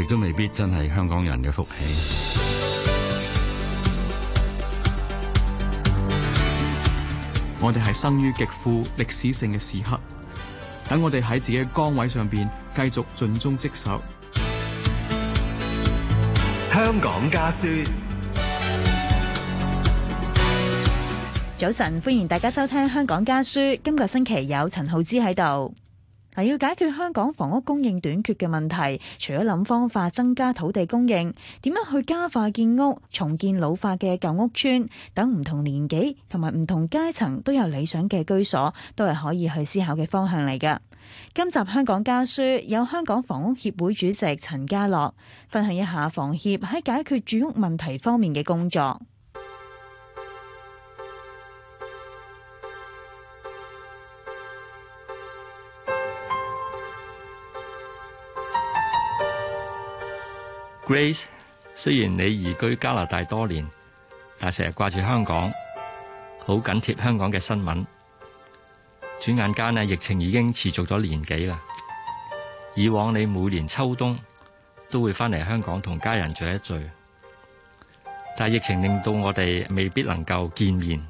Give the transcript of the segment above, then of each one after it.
亦都未必真係香港人嘅福氣。我哋係生於極富歷史性嘅時刻，等我哋喺自己嘅崗位上邊繼續盡忠職守。香港家書，早晨，歡迎大家收聽《香港家書》。今個星期有陳浩之喺度。要解決香港房屋供應短缺嘅問題，除咗諗方法增加土地供應，點樣去加快建屋、重建老化嘅舊屋邨，等唔同年紀同埋唔同階層都有理想嘅居所，都係可以去思考嘅方向嚟㗎。今集《香港家書》有香港房屋協會主席陳家樂分享一下房協喺解決住屋問題方面嘅工作。Grace，雖然你移居加拿大多年，但成日掛住香港，好緊貼香港嘅新聞。轉眼間呢疫情已經持續咗年幾啦。以往你每年秋冬都會翻嚟香港同家人聚一聚，但疫情令到我哋未必能夠見面。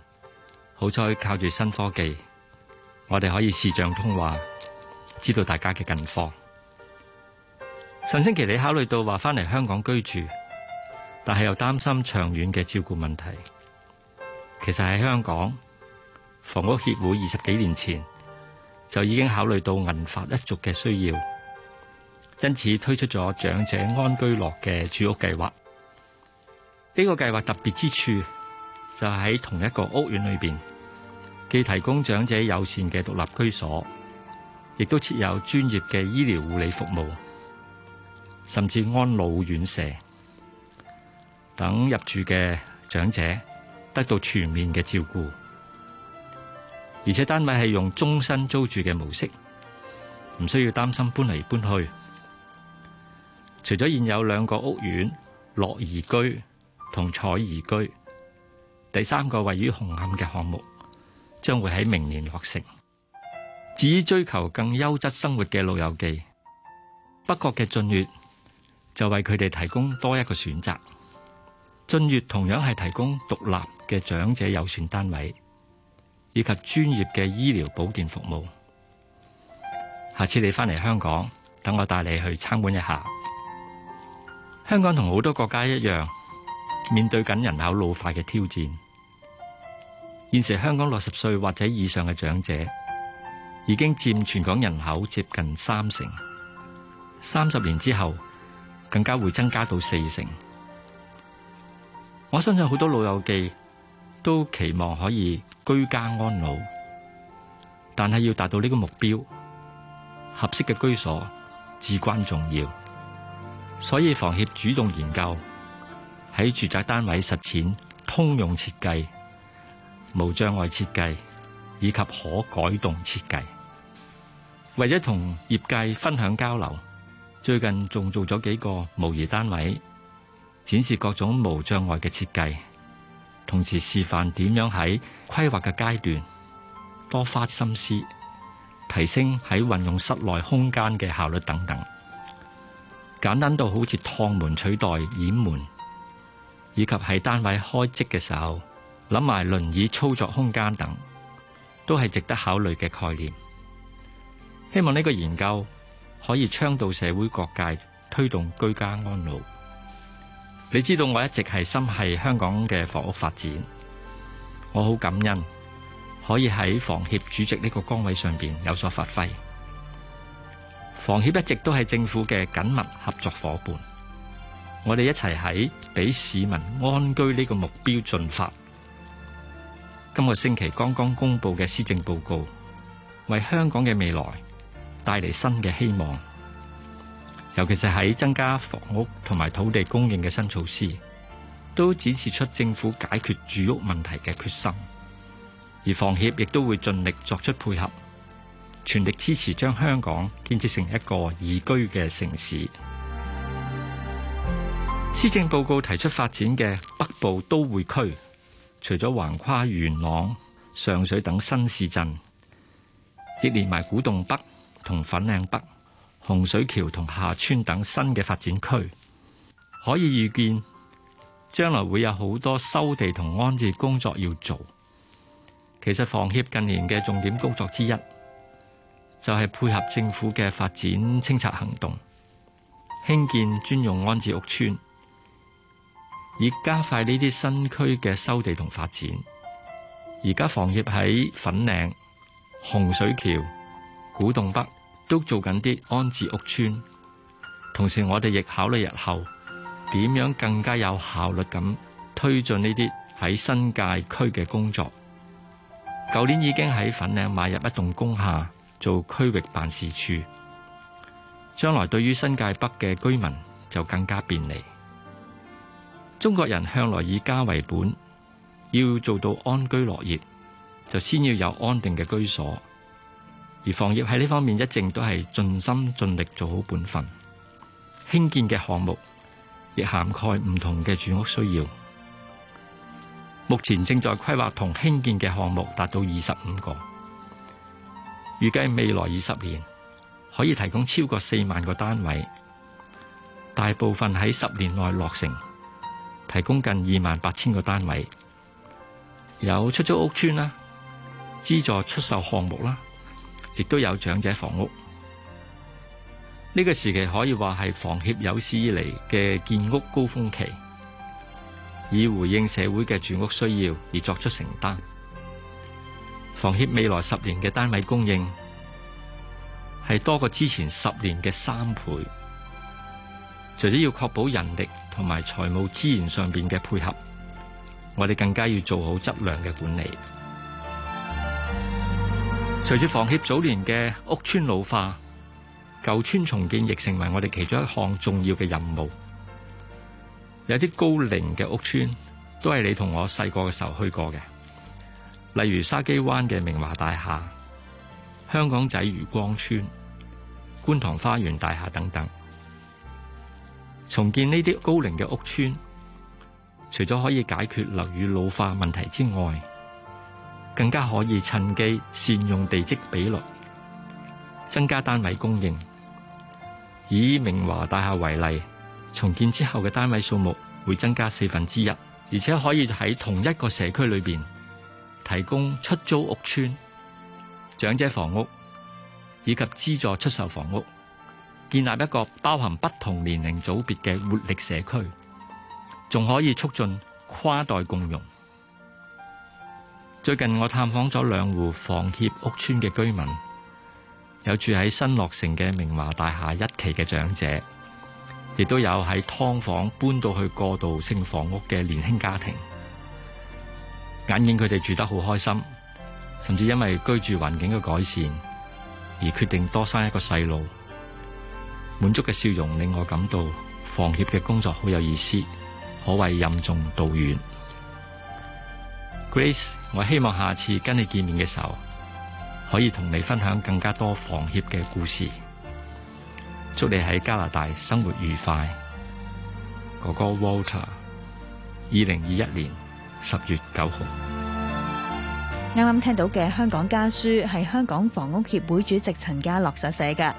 好彩靠住新科技，我哋可以視像通話，知道大家嘅近況。上星期你考慮到話翻嚟香港居住，但係又擔心長遠嘅照顧問題。其實喺香港房屋協會二十幾年前就已經考慮到銀髮一族嘅需要，因此推出咗長者安居樂嘅住屋計劃。呢個計劃特別之處就喺同一個屋苑裏邊，既提供長者友善嘅獨立居所，亦都設有專業嘅醫療護理服務。甚至安老院舍等入住嘅長者得到全面嘅照顧，而且單位係用終身租住嘅模式，唔需要擔心搬嚟搬去。除咗現有兩個屋苑樂頤居同彩頤居，第三個位於紅磡嘅項目將會喺明年落成。至於追求更優質生活嘅老友記，北角嘅駿悅。就為佢哋提供多一個選擇。駿悅同樣係提供獨立嘅長者有船單位，以及專業嘅醫療保健服務。下次你翻嚟香港，等我帶你去參觀一下。香港同好多國家一樣，面對緊人口老化嘅挑戰。現時香港六十歲或者以上嘅長者，已經佔全港人口接近三成。三十年之後，更加會增加到四成，我相信好多老友記都期望可以居家安老，但係要達到呢個目標，合適嘅居所至關重要。所以房協主動研究喺住宅單位實踐通用設計、無障礙設計以及可改動設計，為咗同業界分享交流。最近仲做咗幾個模擬單位，展示各種無障礙嘅設計，同時示範點樣喺規劃嘅階段多花心思，提升喺運用室內空間嘅效率等等。簡單到好似趟門取代掩門，以及喺單位開則嘅時候諗埋輪椅操作空間等，都係值得考慮嘅概念。希望呢個研究，可以倡導社會各界推動居家安老。你知道我一直係心係香港嘅房屋發展，我好感恩可以喺房協主席呢個崗位上面有所發揮。房協一直都係政府嘅緊密合作伙伴，我哋一齊喺俾市民安居呢個目標進發。今個星期剛剛公佈嘅施政報告，為香港嘅未來，帶嚟新嘅希望，尤其是喺增加房屋同埋土地供應嘅新措施，都展示出政府解決住屋問題嘅決心。而房協亦都會盡力作出配合，全力支持將香港建設成一個宜居嘅城市。施政報告提出發展嘅北部都會區，除咗橫跨元朗、上水等新市鎮，亦連埋古洞北。同粉嶺北、洪水橋同下村等新嘅發展區，可以預見將來會有好多收地同安置工作要做。其實房協近年嘅重點工作之一，就係、是、配合政府嘅發展清拆行動，興建專用安置屋邨，以加快呢啲新區嘅收地同發展。而家房協喺粉嶺、洪水橋。古洞北都做緊啲安置屋邨，同時我哋亦考慮日後點樣更加有效率咁推進呢啲喺新界區嘅工作。舊年已經喺粉嶺買入一棟工廈做區域辦事處，將來對於新界北嘅居民就更加便利。中國人向來以家為本，要做到安居樂業，就先要有安定嘅居所。而房業喺呢方面一直都係盡心盡力做好本分。興建嘅項目亦涵蓋唔同嘅住屋需要。目前正在規劃同興建嘅項目達到二十五個，預計未來二十年可以提供超過四萬個單位，大部分喺十年內落成，提供近二萬八千個單位，有出租屋邨啦，資助出售項目啦。亦都有長者房屋，呢個時期可以話係房協有史以嚟嘅建屋高峰期，以回應社會嘅住屋需要而作出承擔。房協未來十年嘅單位供應係多過之前十年嘅三倍，除咗要確保人力同埋財務資源上邊嘅配合，我哋更加要做好質量嘅管理。隨住房協早年嘅屋邨老化，舊邨重建亦成為我哋其中一項重要嘅任務。有啲高齡嘅屋邨都係你同我細個嘅時候去過嘅，例如沙基灣嘅明華大廈、香港仔漁光村、觀塘花園大廈等等。重建呢啲高齡嘅屋邨，除咗可以解決樓宇老化問題之外，更加可以趁機善用地積比率，增加單位供應。以明華大廈為例，重建之後嘅單位數目會增加四分之一，而且可以喺同一個社區裏邊提供出租屋邨、長者房屋以及資助出售房屋，建立一個包含不同年齡組別嘅活力社區，仲可以促進跨代共融。最近我探訪咗兩戶房協屋邨嘅居民，有住喺新落成嘅明華大廈一期嘅長者，亦都有喺劏房搬到去過渡性房屋嘅年輕家庭。眼見佢哋住得好開心，甚至因為居住環境嘅改善而決定多生一個細路，滿足嘅笑容令我感到房協嘅工作好有意思，可謂任重道遠。Grace，我希望下次跟你見面嘅時候，可以同你分享更加多房協嘅故事。祝你喺加拿大生活愉快，哥哥 Walter。二零二一年十月九號。啱啱聽到嘅香港家書係香港房屋協會主席陳家樂所寫嘅。